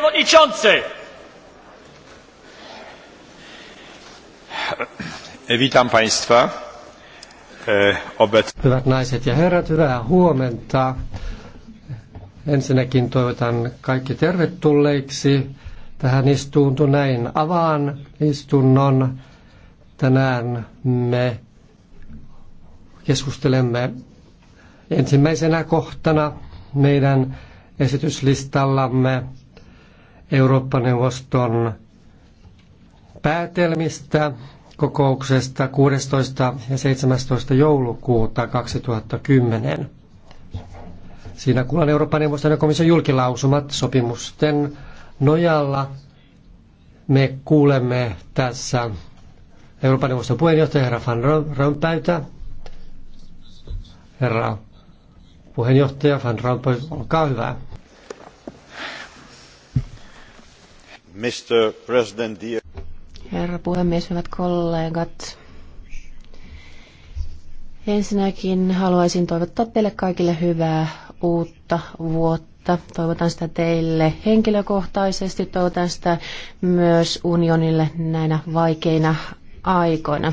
przewodniczący! Witam Państwa. E, Hyvät naiset ja herrat, hyvää huomenta. Ensinnäkin toivotan kaikki tervetulleiksi tähän istuntoon. Näin avaan istunnon. Tänään me keskustelemme ensimmäisenä kohtana meidän esityslistallamme Eurooppa-neuvoston päätelmistä kokouksesta 16. ja 17. joulukuuta 2010. Siinä kuullaan Euroopan neuvoston ja komission julkilausumat sopimusten nojalla. Me kuulemme tässä Euroopan neuvoston puheenjohtaja herra Van Rompuyta. Herra puheenjohtaja Van Rompuy, olkaa hyvä. Mr. President, dear... Herra puhemies, hyvät kollegat. Ensinnäkin haluaisin toivottaa teille kaikille hyvää uutta vuotta. Toivotan sitä teille henkilökohtaisesti, toivotan sitä myös unionille näinä vaikeina aikoina.